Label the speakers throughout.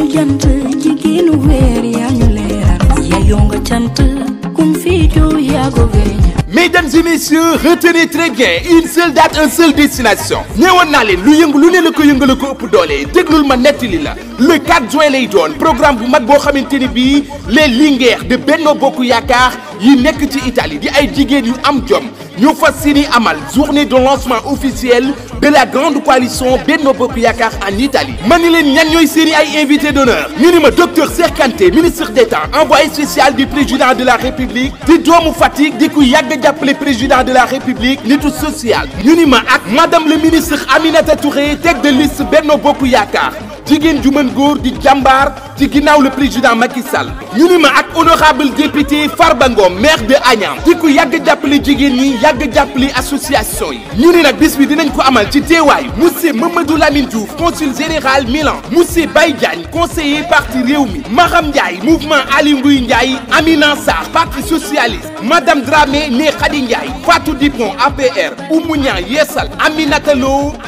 Speaker 1: suñu jant jigéenu weer yaa ñu leeral yaa yonga cant kum fii joo yaa ko weeñ Mesdames et messieurs, retenez très bien une seule date, une seule destination. ñëwoon naa leen lu yëngu lu ne la ko yëngal ko ëpp doole déglul ma nettali la le 4 juin lay doon programme bu mag bo xamante ni bii les Linguères de Benno Bokk Yaakaar yi nekk ci Italie di ay jigéen yu am jom ñu fas amal journée de lancement officiel de la grande coalition Benno Bokk en Italie mani leen ñan ñooy seeni invité d'honneur ñu ma docteur Cheikh ministre d'État envoyé spécial du président de la République di doomu Fatick di ku président de la République nitu social ñu ak madame le ministre Aminata Touré tête de liste Benno Bokk Yaakaar jigéen ju mën di ci le président Macky Sall ñu ni ma honorable député Farbango, maire de Agnam di ku yàgg appelé jigéen ñi association yi ñu ni nag bis bi dinañ Mamadou Lamindou, consul général Milan monsieur Baye conseiller parti réumi, Maram mouvement Ali Ngouille Ndiaye Amina parti socialiste madame Dramé né Khady Fatou Dipon APR Oumounia Yesal, Amin Aminata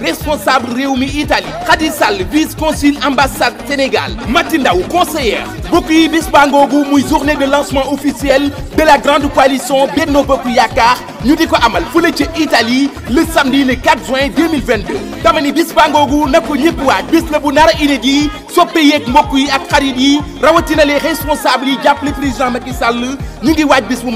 Speaker 1: responsable Réumi Italie Khady vice consul ambassade Sénégal Matindaou ou conseillère mbokk yi bis journée de lancement officiel de la grande coalition Benno Bokk Yaakaar ñu di ko amal fële Italie le samedi le 4 juin 2022 dama ni bis bangoogu na ko ñëpp waaj bis la bu inédit soppe ak xarit yi rawatina les responsables yi le président Macky Sall ñu ngi waaj bis bu